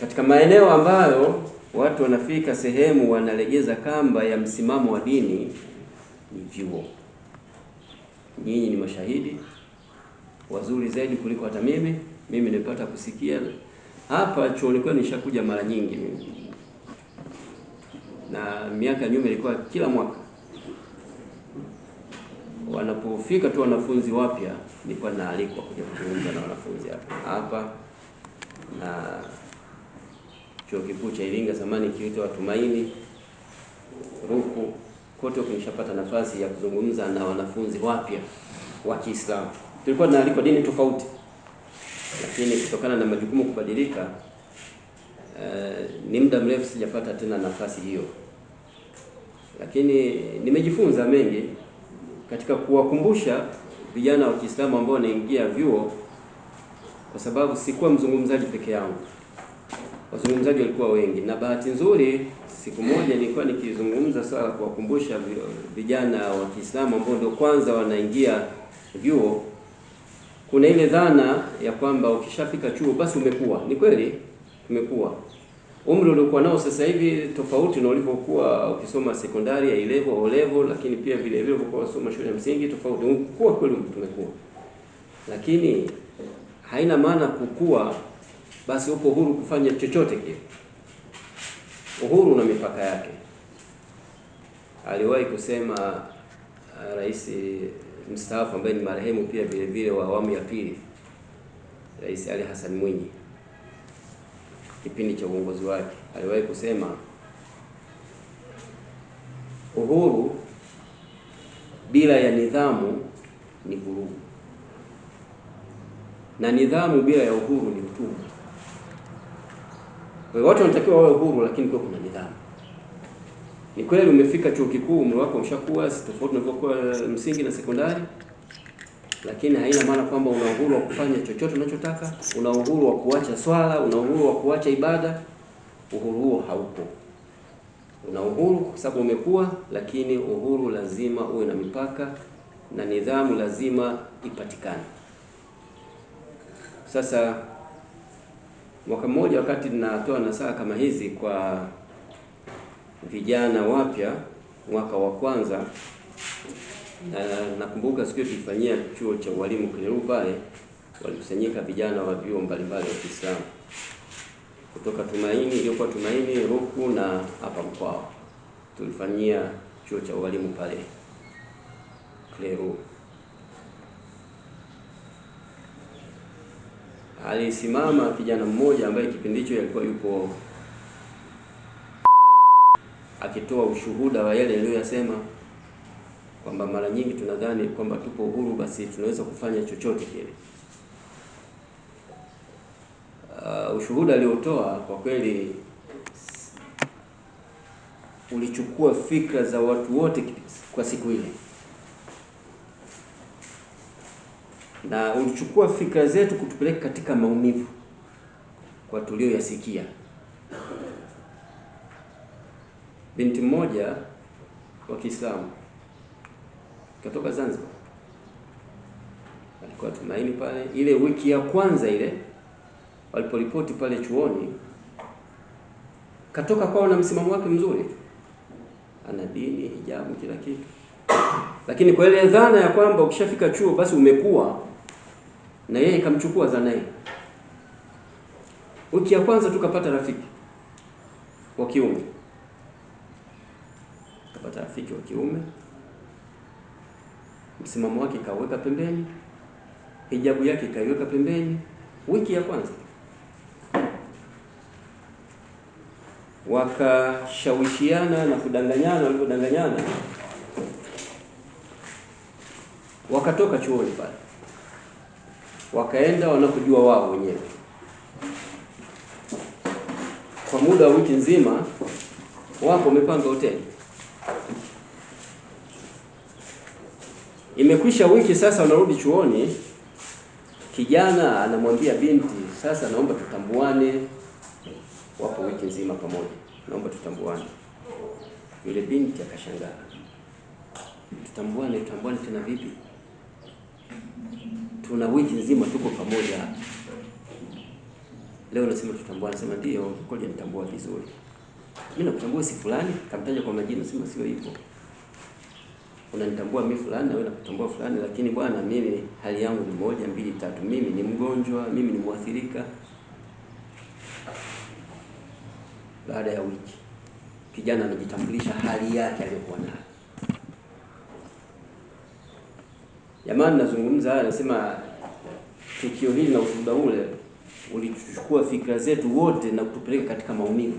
katika maeneo ambayo watu wanafika sehemu wanalegeza kamba ya msimamo wa dini ni vyuo. Nyinyi ni mashahidi wazuri zaidi kuliko hata mimi. Mimi nimepata kusikia hapa chuoni kwenu, nishakuja mara nyingi mimi, na miaka ya nyuma ilikuwa kila mwaka wanapofika tu wanafunzi wapya, nilikuwa naalikwa kuja kuzungumza na wanafunzi hapa hapa na chuo kikuu cha Iringa zamani kiitwa Watumaini Ruku, kote kunishapata nafasi ya kuzungumza na wanafunzi wapya wa Kiislamu. Tulikuwa tunaalikwa dini tofauti, lakini kutokana na majukumu kubadilika, uh, ni muda mrefu sijapata tena nafasi hiyo, lakini nimejifunza mengi katika kuwakumbusha vijana wa Kiislamu ambao wanaingia vyuo, kwa sababu sikuwa mzungumzaji peke yangu wazungumzaji walikuwa wengi, na bahati nzuri siku moja nilikuwa nikizungumza swala kuwakumbusha vijana wa Kiislamu ambao ndio kwanza wanaingia vyuo. Kuna ile dhana ya kwamba ukishafika chuo basi umekuwa. Ni kweli umekuwa, umri uliokuwa nao sasa hivi tofauti na ulivyokuwa ukisoma sekondari ya ilevo au level, lakini pia vile vile ulivyokuwa unasoma shule ya msingi tofauti. umekuwa kweli tumekuwa, lakini haina maana kukua basi upo huru kufanya chochote kile. Uhuru una mipaka yake. Aliwahi kusema uh, rais uh, mstaafu ambaye ni marehemu pia vile vile wa awamu ya pili, Rais Ali Hassan Mwinyi, kipindi cha uongozi wake aliwahi kusema uhuru bila ya nidhamu ni vurugu, na nidhamu bila ya uhuru ni utumwa. Kwa hiyo watu wanatakiwa wawe huru, lakini kwa kuna nidhamu. Ni kweli umefika chuo kikuu, umri wako umeshakuwa, tofauti tofauti unavyokuwa msingi na sekondari, lakini haina maana kwamba una uhuru wa kufanya chochote unachotaka, una uhuru wa kuacha swala, una uhuru wa kuacha ibada. Uhuru huo haupo. Una uhuru kwa sababu umekuwa, lakini uhuru lazima uwe na mipaka na nidhamu lazima ipatikane. Sasa Mwaka mmoja wakati ninatoa nasaha kama hizi kwa vijana wapya mwaka wa kwanza, na nakumbuka siku hiyo tulifanyia chuo cha ualimu kileru pale, walikusanyika vijana wa vyuo mbalimbali wa Kiislamu kutoka Tumaini iliyokuwa Tumaini Ruku na hapa Mkwao, tulifanyia chuo cha ualimu pale kleru alisimama kijana mmoja ambaye kipindi hicho alikuwa yupo akitoa ushuhuda wa yale aliyoyasema, kwamba mara nyingi tunadhani kwamba tupo uhuru, basi tunaweza kufanya chochote kile. Uh, ushuhuda aliotoa kwa kweli ulichukua fikra za watu wote kwa siku ile. na ulichukua fikra zetu kutupeleka katika maumivu kwa tulioyasikia. Binti mmoja wa Kiislamu katoka Zanzibar, alikuwa Tumaini pale. Ile wiki ya kwanza ile waliporipoti pale chuoni, katoka kwao na msimamo wake mzuri, ana dini, hijabu, kila kitu, lakini kwa ile dhana ya kwamba ukishafika chuo basi umekuwa na yeye ikamchukua Zanae. Wiki ya kwanza tukapata rafiki wa kiume, tukapata rafiki wa kiume, msimamo wake ikaweka pembeni, hijabu yake ikaiweka pembeni. Wiki ya kwanza wakashawishiana na kudanganyana, walivyodanganyana wakatoka chuoni pale wakaenda wanapojua wao wenyewe. Kwa muda wa wiki nzima wapo wamepanga hoteli. Imekwisha wiki sasa, wanarudi chuoni. Kijana anamwambia binti, sasa naomba tutambuane. Wapo wiki nzima pamoja, naomba tutambuane. Yule binti akashangaa, tutambuane? Tutambuane tena vipi? tuna wiki nzima tuko pamoja. Leo nasema tutambua, nasema ndio kweli nitambua vizuri. Mimi nakutambua si fulani, kamtaja kwa majina, nasema sio hivyo. Unanitambua mimi fulani na wewe unakutambua fulani, lakini bwana, mimi hali yangu ni moja mbili tatu, mimi ni mgonjwa, mimi ni mwathirika. Baada ya wiki kijana anajitambulisha hali yake aliyokuwa nayo. jamaa ninazungumza haya, anasema tukio hili na ushuhuda ule ulichukua fikra zetu wote na kutupeleka katika maumivu.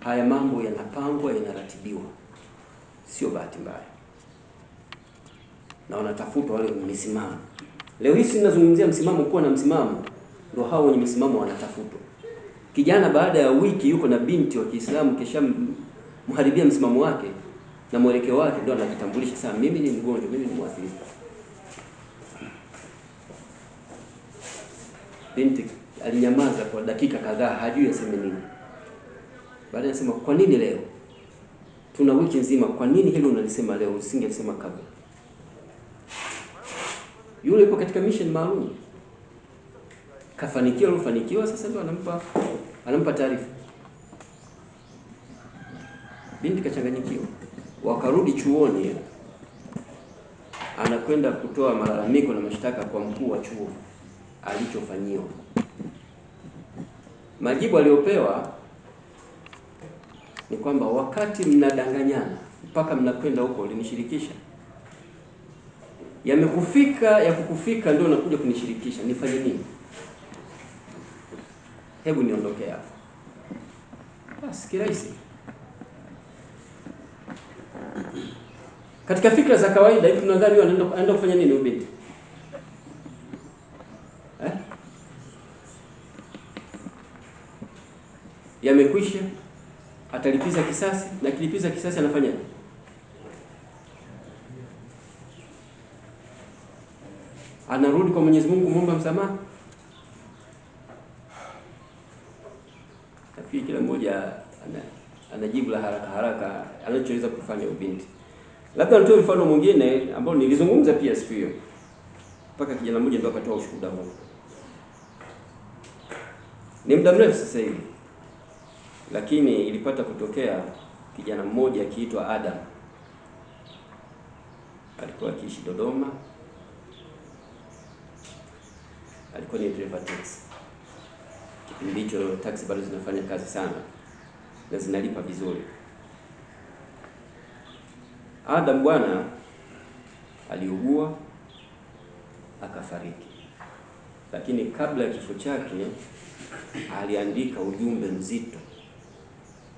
Haya mambo yanapangwa, yanaratibiwa, sio bahati mbaya, na wanatafuta wale wenye misimamo. Leo hii ninazungumzia msimamo, kuwa na msimamo, ndio hao wenye misimamo wanatafutwa. Kijana baada ya wiki yuko na binti wa Kiislamu, kisha mharibia msimamo wake na mwelekeo wake ndio anajitambulisha sasa, mimi ni mgonjwa, mimi ni mwathirika. Binti alinyamaza kwa dakika kadhaa, hajui aseme nini. Baadaye anasema, kwa nini leo? Tuna wiki nzima, kwa nini hilo unalisema leo? Usingelisema kabla. Yule yuko katika mission maalum, kafanikiwa, alofanikiwa, sasa ndio anampa anampa taarifa. Binti kachanganyikiwa wakarudi chuoni, anakwenda kutoa malalamiko na mashtaka kwa mkuu wa chuo alichofanyiwa. Majibu aliyopewa ni kwamba wakati mnadanganyana mpaka mnakwenda huko ulinishirikisha, yamekufika ya kukufika, ndio unakuja kunishirikisha, nifanye nini? Hebu niondoke hapo basi, kirahisi. Katika fikra za kawaida hivi tunadhani yeye anaenda anaenda kufanya nini ubinti binti? Eh? Yamekwisha, atalipiza kisasi na kilipiza kisasi anafanya anarudi kwa Mwenyezi Mungu kumomba msamaha. Nafikiri kila mmoja ana, la haraka haraka anachoweza kufanya ubinti. Labda nitoe mfano mwingine ambao nilizungumza pia siku hiyo, mpaka kijana mmoja ndo akatoa ushuhuda huo. Ni muda mrefu sasa hivi, lakini ilipata kutokea kijana mmoja akiitwa Adam, alikuwa akiishi Dodoma, alikuwa ni driver taxi. Kipindi hicho taxi bado zinafanya kazi sana na zinalipa vizuri. Adam bwana aliugua akafariki, lakini kabla ya kifo chake aliandika ujumbe mzito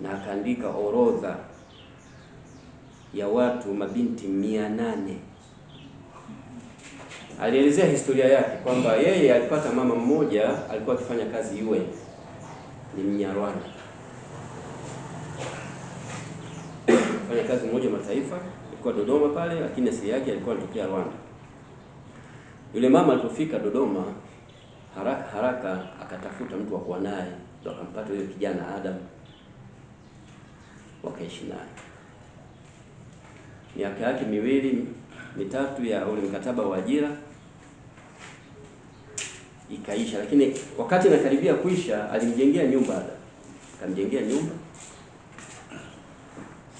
na akaandika orodha ya watu mabinti mia nane. Alielezea historia yake kwamba yeye alipata mama mmoja alikuwa akifanya kazi UN, ni Mnyarwanda, fanya kazi mmoja mataifa alikuwa Dodoma pale, lakini asili yake alikuwa anatokea Rwanda. Yule mama alipofika Dodoma haraka haraka akatafuta mtu wa kuwa naye ndo akampata huyo kijana Adam, wakaishi naye miaka yake miwili mitatu ya ule mkataba wa ajira ikaisha, lakini wakati anakaribia kuisha alimjengea nyumba Adam, akamjengea nyumba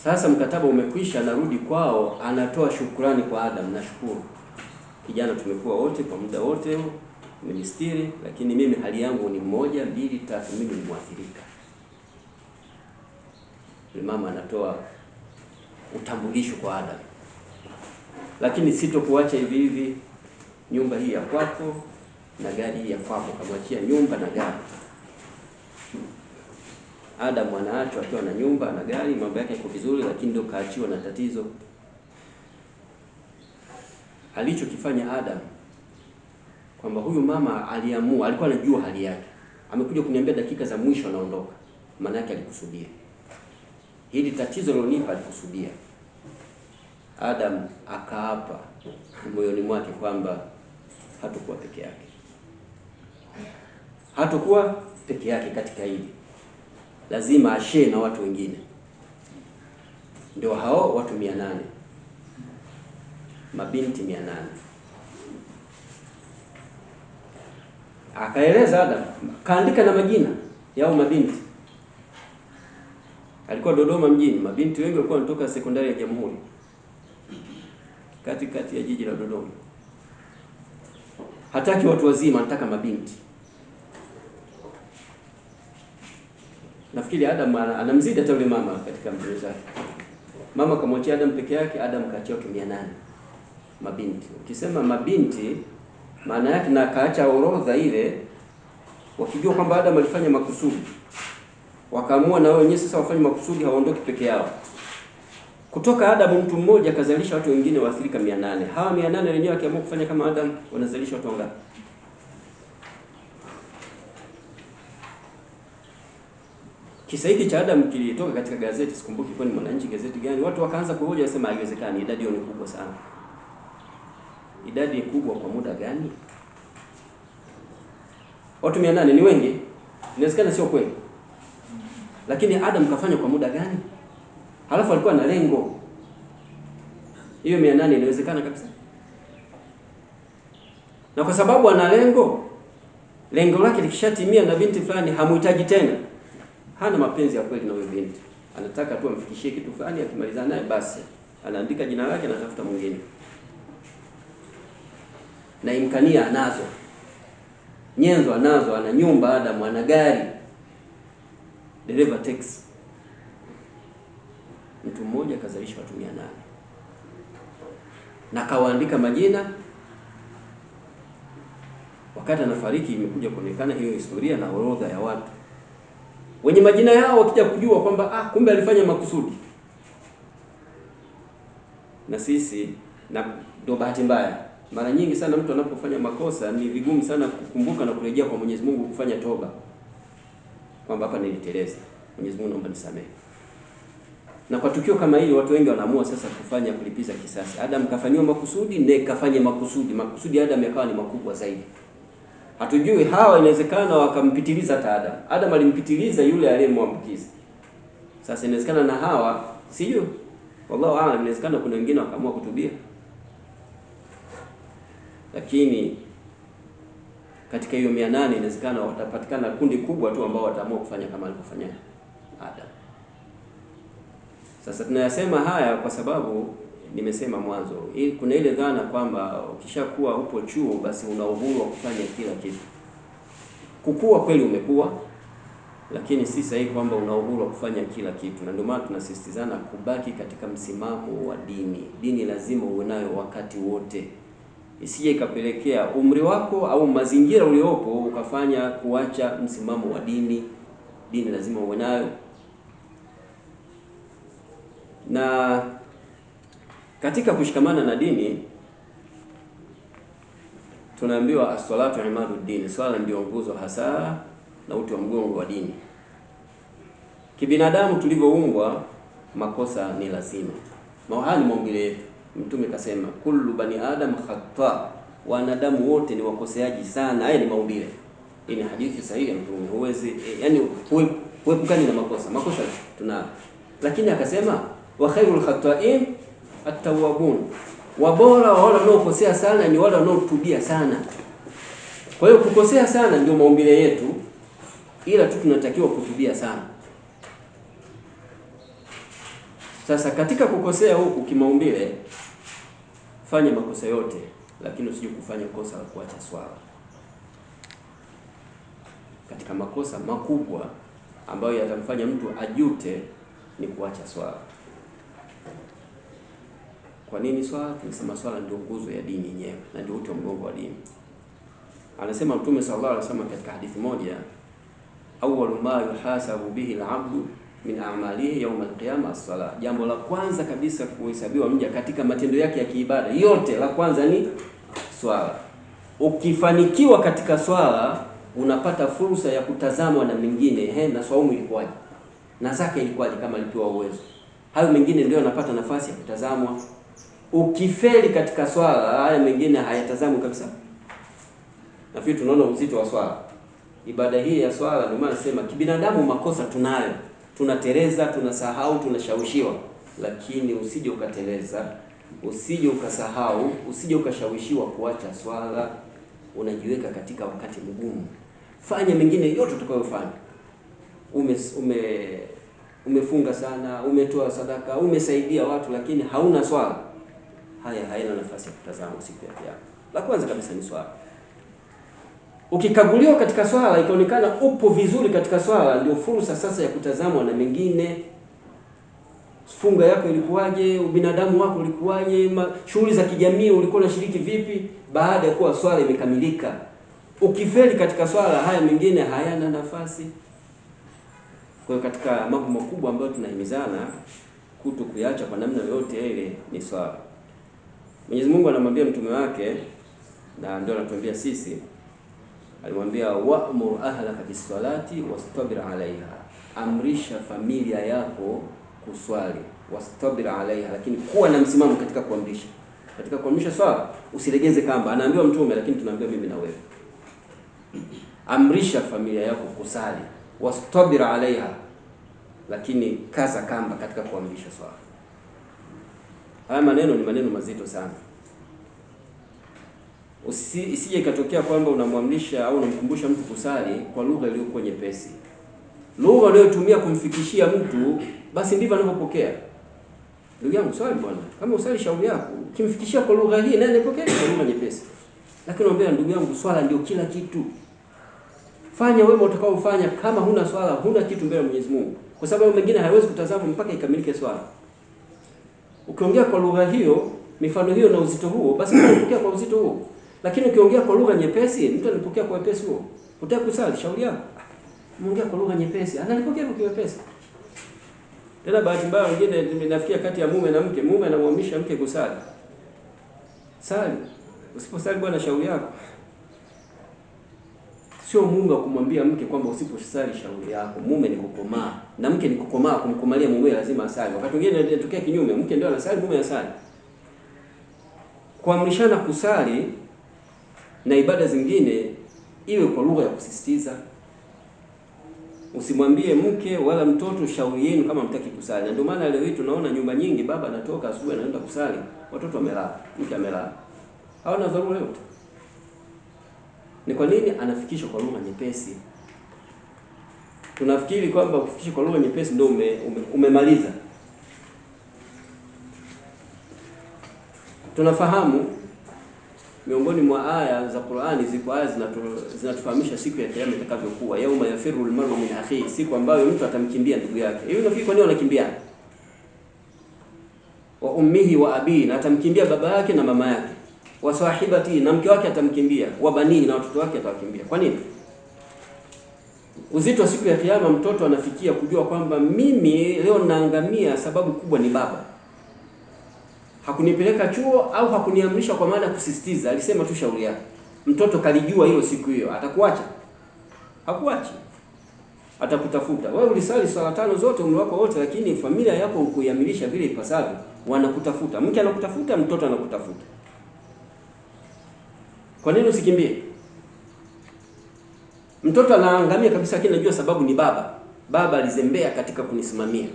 sasa mkataba umekwisha, anarudi kwao, anatoa shukurani kwa Adam. Nashukuru kijana, tumekuwa wote kwa muda wote nimestiri, lakini mimi hali yangu ni moja mbili tatu, mimi ni mwathirika. mama anatoa utambulisho kwa Adam. Lakini sitokuacha hivi hivi, nyumba hii ya kwako na gari hii ya kwako, kamwachia nyumba na gari Adamu anaachwa akiwa na nyumba, na gari, mambo yake yako vizuri, lakini ndio kaachiwa na tatizo. Alichokifanya Adamu kwamba huyu mama aliamua, alikuwa anajua hali yake, amekuja kuniambia dakika za mwisho anaondoka. Maana yake alikusudia hili tatizo lilonipa, alikusudia. Adam akaapa moyoni mwake kwamba hatakuwa peke yake, hatakuwa peke yake katika hili lazima ashee na watu wengine, ndio hao watu mia nane mabinti mia nane Akaeleza Adam, kaandika na majina yao mabinti. Alikuwa Dodoma mjini, mabinti wengi walikuwa wanatoka sekondari ya Jamhuri, kati kati ya jiji la Dodoma. Hataki watu wazima, nataka mabinti. Nafikiri Adam anamzidi hata yule mama katika mbio zake. Mama kamwachia Adam peke yake, Adam kaachiwa kimia nane mabinti. Ukisema mabinti, maana yake na akaacha orodha ile, wakijua kwamba Adam alifanya makusudi, wakaamua na wao wenyewe sasa wafanye makusudi, hawaondoki peke yao. Kutoka Adamu mtu mmoja akazalisha watu wengine waathirika mia nane. Hawa mia nane wenyewe wakiamua kufanya kama Adam, wanazalisha watu wangapi? Kisa hiki cha Adam kilitoka katika gazeti, sikumbuki kwa ni Mwananchi, gazeti gani. Watu wakaanza kuhoja, wasema haiwezekani, idadi ni kubwa sana. Idadi kubwa kwa muda gani? Watu 800 ni wengi, inawezekana sio kweli, lakini Adam kafanya kwa muda gani? Halafu alikuwa na lengo. Hiyo 800 inawezekana kabisa, na kwa sababu ana lengo, lengo lake likishatimia na binti fulani, hamuhitaji tena hana mapenzi ya kweli na huyo binti, anataka tu amfikishie kitu fulani, akimaliza naye basi anaandika jina lake na tafuta mwingine, na imkania anazo, nyenzo anazo, ana nyumba Adamu, ana gari, dereva taxi. Mtu mmoja kazalisha watu mia nane na kawaandika majina wakati anafariki, imekuja kuonekana hiyo historia na orodha ya watu wenye majina yao wakija kujua kwamba ah, kumbe alifanya makusudi. Na sisi na ndio bahati mbaya, mara nyingi sana mtu anapofanya makosa ni vigumu sana kukumbuka na kurejea kwa Mwenyezi Mungu kufanya toba, kwamba hapa niliteleza, Mwenyezi Mungu naomba nisamehe. Na kwa tukio kama hili, watu wengi wanaamua sasa kufanya kulipiza kisasi. Adam kafanyiwa makusudi, ndiye kafanye makusudi. Makusudi Adam yakawa ni makubwa zaidi. Hatujui hawa inawezekana wakampitiliza hata Adam. Adam alimpitiliza yule aliyemwambukiza. Sasa inawezekana na hawa sijui. Wallahu aalam, inawezekana kuna wengine wakaamua kutubia. Lakini katika hiyo 800 inawezekana watapatikana kundi kubwa tu ambao wataamua kufanya kama alivyofanya Adam. Sasa tunayasema haya kwa sababu nimesema mwanzo, kuna ile dhana kwamba ukishakuwa upo chuo basi una uhuru wa kufanya kila kitu. Kukua kweli umekuwa, lakini si sahihi kwamba una uhuru wa kufanya kila kitu, na ndio maana tunasisitizana kubaki katika msimamo wa dini. Dini lazima uwe nayo wakati wote, isije ikapelekea umri wako au mazingira uliopo ukafanya kuacha msimamo wa dini. Dini lazima uwe nayo na katika kushikamana na dini tunaambiwa as-salatu imadu dini, swala ndio nguzo hasa na uti wa mgongo wa dini. Kibinadamu tulivyoumbwa, makosa ni lazima, haya maumbile yetu. Mtume kasema kullu bani adam khata, wanadamu wote ni wakoseaji sana. Haya ni maumbile, hii ni hadithi sahihi ya Mtume. Huwezi yani huepukani na makosa, makosa tuna, lakini akasema wa khairul khata'in atawabun, wabora wa wale wanaokosea sana ni wale wanaotubia sana. Kwa hiyo kukosea sana ndio maumbile yetu, ila tu tunatakiwa kutubia sana. Sasa katika kukosea huku kimaumbile, fanya makosa yote, lakini usije kufanya kosa la kuacha swala. Katika makosa makubwa ambayo yatamfanya mtu ajute ni kuacha swala. Kwa nini swala? Tunasema swala ndio nguzo ya dini yenyewe na ndio uti wa mgongo wa dini. Anasema Mtume sallallahu alaihi wasallam katika hadithi moja, awwalu ma yuhasabu bihi al-abdu min a'malihi yawm al-qiyama as-sala, jambo la kwanza kabisa kuhesabiwa mja katika matendo yake ya kiibada yote, la kwanza ni swala. Ukifanikiwa katika swala unapata fursa ya kutazamwa na mengine, he, na swaumu ilikuwaje na zaka ilikuwaje, kama alipewa uwezo. Hayo mengine ndio yanapata nafasi ya kutazamwa Ukifeli katika swala, haya mengine hayatazamu kabisa. Nafikiri tunaona uzito wa swala, ibada hii ya swala. Ndio maana nasema kibinadamu, makosa tunayo, tunateleza, tunasahau, tunashawishiwa, lakini usije ukateleza, usije ukasahau, usije ukashawishiwa kuacha swala. Unajiweka katika wakati mgumu. Fanya mengine yote utakayofanya, ume, ume umefunga sana, umetoa sadaka, umesaidia watu, lakini hauna swala haya haina nafasi ya kutazama siku ya Kiyama. La kwanza kabisa ni swala. Ukikaguliwa katika swala ikaonekana upo vizuri katika swala, ndio fursa sasa ya kutazamwa na mengine. Funga yako ilikuwaje? Ubinadamu wako ulikuwaje? Shughuli za kijamii ulikuwa unashiriki vipi? Baada ya kuwa swala imekamilika, ukifeli katika swala, haya mengine hayana nafasi. Kwa hiyo katika mambo makubwa ambayo tunahimizana kuto kuyacha kwa namna yoyote ile ni swala. Mwenyezi Mungu anamwambia mtume wake na ndio anatuambia sisi, alimwambia wa'mur ahlaka bisalati wastabir alaiha, amrisha familia yako kuswali, wastabir alaiha, lakini kuwa na msimamo katika kuamrisha. Katika kuamrisha swala usilegeze kamba, anaambiwa mtume, lakini tunaambiwa mimi na wewe, amrisha familia yako kusali, wastabir alaiha, lakini kaza kamba katika kuamrisha swala. Haya maneno ni maneno mazito sana. Usi, isije ikatokea kwamba unamwamlisha au unamkumbusha mtu kusali kwa lugha iliyokuwa nyepesi. Lugha unayotumia kumfikishia mtu, basi ndivyo anavyopokea. Ndugu yangu, swali bwana, kama usali shauri yako, ukimfikishia kwa lugha hii, naye anapokea kwa lugha nyepesi. Lakini naomba ndugu yangu, swala ndio kila kitu. Fanya wema utakaofanya, kama huna swala huna kitu mbele ya Mwenyezi Mungu, kwa sababu mengine haiwezi kutazama mpaka ikamilike swala. Ukiongea kwa lugha hiyo, mifano hiyo na uzito huo, basi unapokea kwa uzito huo. Lakini ukiongea kwa lugha nyepesi, mtu anapokea kwa wepesi huo. Utaki kusali, shauri yako. Umeongea kwa lugha nyepesi, analipokea kwa wepesi. Tena bahati mbaya wengine nafikia kati ya mume na mke, mume anamhamisha mke kusali. Sali. Usiposali bwana, shauri yako. Sio mume wa kumwambia mke kwamba usiposali shauri yako. Mume ni kukomaa na mke ni kukomaa, kumkomalia mume lazima asali. Wakati mwingine inatokea kinyume, mke ndio anasali, mume asali. Kuamrishana kusali na ibada zingine iwe kwa lugha ya kusisitiza. Usimwambie mke wala mtoto shauri yenu kama mtaki kusali. ndio maana leo hii tunaona nyumba nyingi, baba anatoka asubuhi anaenda kusali, watoto wamelala, mke amelala, hawana dharura yote. Ni kwa nini anafikishwa kwa lugha nyepesi? Tunafikiri kwamba kufikishwa kwa lugha nyepesi ndio ume, ume, umemaliza. Tunafahamu miongoni mwa aya za Qur'ani ziko aya zinatu, zinatufahamisha siku ya kiyama itakavyokuwa, yauma yafiru almaru min akhihi, siku ambayo mtu atamkimbia ndugu yake. Hiyo nafikiri kwa nini wanakimbia? Wa ummihi wa abihi, atamkimbia baba yake na mama yake wa sahibati, na mke wake atamkimbia, wa banii, na watoto wake atawakimbia. Kwa nini? Uzito siku ya Kiyama mtoto anafikia kujua kwamba mimi leo naangamia, sababu kubwa ni baba hakunipeleka chuo au hakuniamrisha kwa maana ya kusisitiza, alisema tu shauri yake. Mtoto kalijua hilo siku hiyo. Atakuacha? Hakuachi, atakutafuta wewe. Ulisali swala tano zote umri wako wote, lakini familia yako ukuiamilisha vile ipasavyo, wanakutafuta. Mke anakutafuta, mtoto anakutafuta. Kwa nini usikimbie? Mtoto anaangamia kabisa, lakini najua sababu ni baba. Baba alizembea katika kunisimamia,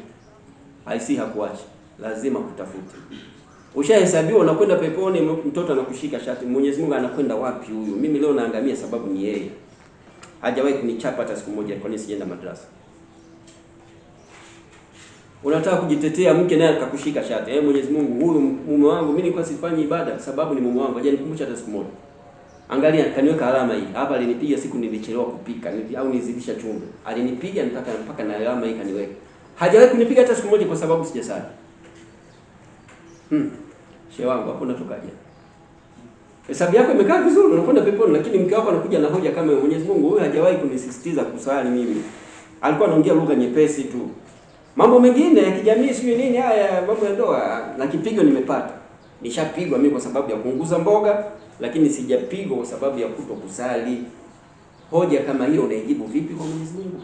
aisi hakuacha, lazima kutafuta. Ushahesabiwa unakwenda peponi, mtoto anakushika shati. Mwenyezi Mungu anakwenda wapi huyu? Mimi leo naangamia, sababu ni yeye. Hajawahi kunichapa hata siku moja. Kwa nini sijaenda madrasa? Unataka kujitetea, mke naye akakushika shati. Eh, Mwenyezi Mungu, huyu mume wangu mimi nilikuwa sifanyi ibada, sababu ni mume wangu, hajanikumbusha hata siku moja. Angalia, kaniweka alama hii hapa, alinipiga siku nilichelewa kupika nili, au nizidisha chumvi, alinipiga mpaka mpaka na alama hii kaniweka. Hajawahi kunipiga hata siku moja kwa sababu sijasali. Hmm, shehe wangu hapo natokaje? Hesabu yako imekaa vizuri, unakwenda peponi, lakini mke wako anakuja na hoja kama Mwenyezi Mungu, huyu hajawahi kunisisitiza kusali. Mimi alikuwa anaongea lugha nyepesi tu, mambo mengine ya kijamii sio nini, haya mambo ya ndoa na kipigo nimepata, nishapigwa mimi kwa sababu ya kuunguza mboga lakini sijapigwa kwa sababu ya kuto kusali. Hoja kama hiyo unaijibu vipi kwa Mwenyezi Mungu?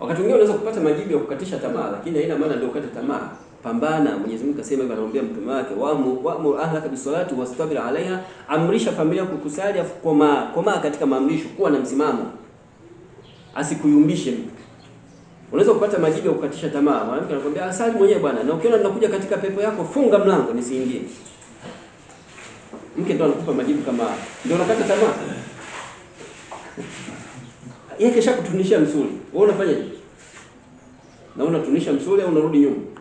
Wakati mwingine unaweza kupata majibu ya kukatisha tamaa, lakini haina maana ndio ukate tamaa. Pambana. Mwenyezi Mungu kasema hivyo, anamwambia mtume wake wamur wa ahlaka bisalati wastabir alaiha, amrisha familia kukusali, afu komaa komaa katika maamrisho, kuwa na msimamo, asikuyumbishe mtu Unaweza kupata majibu ya kukatisha tamaa. Mwanamke anakuambia asali mwenyewe bwana, na ukiona ninakuja katika pepo yako funga mlango nisiingie. Mke ndo anakupa majibu kama ndio unakata tamaa. Yeye kesha kutunisha msuli. Wewe unafanya nini? Na unatunisha msuli au unarudi nyuma?